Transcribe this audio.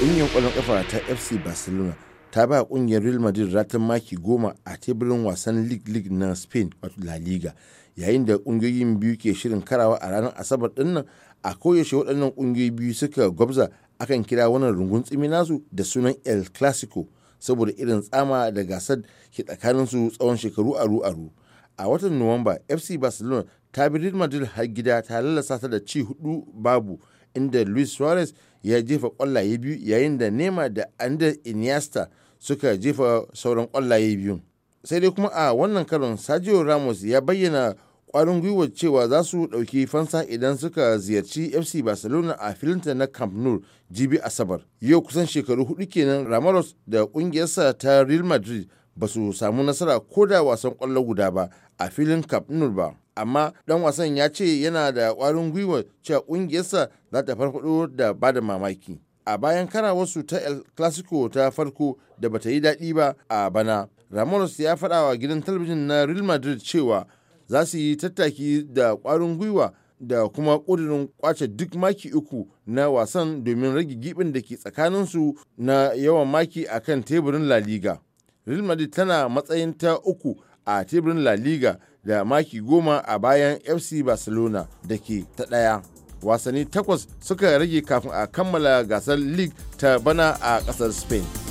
ƙungiyar kwallon kafa ta FC Barcelona ta ba ƙungiyar Real Madrid ratan maki goma a teburin wasan League League na Spain wato La Liga yayin da ƙungiyoyin biyu ke shirin karawa a ranar Asabar ɗinnan a koyaushe waɗannan kungiyoyi biyu suka gwabza akan kira wannan rungun tsimi nasu da sunan El Clasico saboda irin tsama da gasar ke tsakanin su tsawon shekaru aru-aru. A watan Nuwamba, FC Barcelona ta bi Real Madrid har gida ta lalasa ta da ci hudu babu inda Luis Suarez ya jefa kwallaye biyu yayin da nema da ander iniesta suka jefa sauran kwallaye biyu sai dai kuma a wannan karon sajiyo Ramos ya bayyana kwarin gwiwar cewa za su ɗauki fansa idan suka ziyarci FC Barcelona a filinta na Camp Nou jibi Asabar. Yau kusan shekaru hudu kenan Ramos da ƙungiyarsa ta Real Madrid ba su samu nasara ko da wasan kwallo guda ba a filin cup Nou ba. Amma dan wasan ya ce yana da kwarin gwiwa cewa kungiyarsa za ta farfado da bada mamaki. A bayan kara wasu ta El Clasico ta farko da bata yi daɗi ba a bana, Ramos ya faɗa wa gidan talabijin na Real Madrid cewa za su yi tattaki da kwarin gwiwa da kuma ƙudurin kwace duk maki uku na wasan domin rage gibin da ke tsakaninsu na yawan maki a kan teburin La Liga. real madrid tana matsayin ta uku a teburin la liga da maki goma a bayan fc barcelona da ke ta ɗaya wasanni takwas suka rage kafin a kammala gasar league ta bana a ƙasar spain